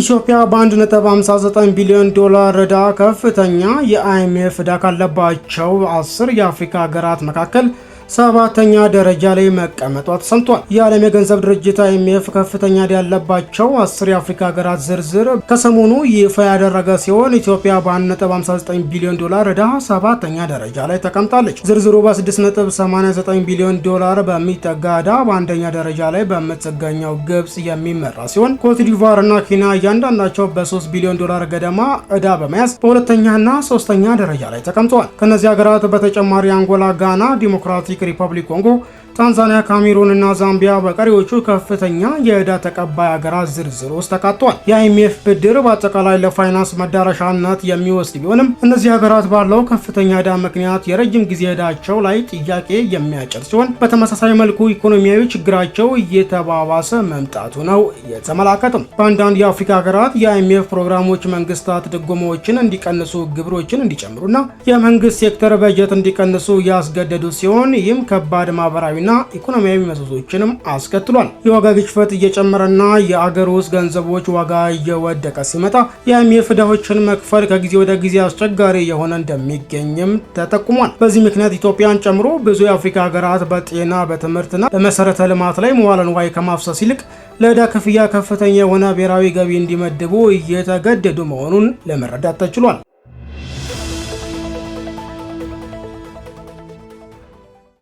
ኢትዮጵያ በ1.59 ቢሊዮን ዶላር ዕዳ ከፍተኛ የአይኤምኤፍ ዕዳ ካለባቸው አስር የአፍሪካ ሀገራት መካከል ሰባተኛ ደረጃ ላይ መቀመጧ ተሰምቷል። የዓለም የገንዘብ ድርጅት አይኤምኤፍ ከፍተኛ ዕዳ ያለባቸው አስር የአፍሪካ ሀገራት ዝርዝር ከሰሞኑ ይፋ ያደረገ ሲሆን ኢትዮጵያ በ1.59 ቢሊዮን ዶላር ዕዳ ሰባተኛ ደረጃ ላይ ተቀምጣለች። ዝርዝሩ በ6.89 ቢሊዮን ዶላር በሚጠጋ ዕዳ በአንደኛ ደረጃ ላይ በምትገኘው ግብፅ የሚመራ ሲሆን ኮትዲቫር እና ኬንያ እያንዳንዳቸው በ3 ቢሊዮን ዶላር ገደማ ዕዳ በመያዝ በሁለተኛና ሶስተኛ ደረጃ ላይ ተቀምጠዋል። ከእነዚህ ሀገራት በተጨማሪ አንጎላ፣ ጋና፣ ዲሞክራቲክ Republic Congo ታንዛኒያ፣ ካሜሩን እና ዛምቢያ በቀሪዎቹ ከፍተኛ የዕዳ ተቀባይ ሀገራት ዝርዝር ውስጥ ተካቷል። የአይኤምኤፍ ብድር በአጠቃላይ ለፋይናንስ መዳረሻነት የሚወስድ ቢሆንም እነዚህ ሀገራት ባለው ከፍተኛ ዕዳ ምክንያት የረጅም ጊዜ ዕዳቸው ላይ ጥያቄ የሚያጭር ሲሆን፣ በተመሳሳይ መልኩ ኢኮኖሚያዊ ችግራቸው እየተባባሰ መምጣቱ ነው የተመላከተው። በአንዳንድ የአፍሪካ ሀገራት የአይኤምኤፍ ፕሮግራሞች መንግስታት ድጎማዎችን እንዲቀንሱ፣ ግብሮችን እንዲጨምሩና የመንግስት ሴክተር በጀት እንዲቀንሱ ያስገደዱ ሲሆን ይህም ከባድ ማህበራዊ ና ኢኮኖሚያዊ መሰሶችንም አስከትሏል። የዋጋ ግሽበት እየጨመረና የአገር ውስጥ ገንዘቦች ዋጋ እየወደቀ ሲመጣ የአይኤምኤፍ የፍዳዎችን መክፈል ከጊዜ ወደ ጊዜ አስቸጋሪ የሆነ እንደሚገኝም ተጠቁሟል። በዚህ ምክንያት ኢትዮጵያን ጨምሮ ብዙ የአፍሪካ ሀገራት በጤና በትምህርትና በመሰረተ ልማት ላይ መዋለ ንዋይ ከማፍሰስ ይልቅ ለዕዳ ክፍያ ከፍተኛ የሆነ ብሔራዊ ገቢ እንዲመድቡ እየተገደዱ መሆኑን ለመረዳት ተችሏል።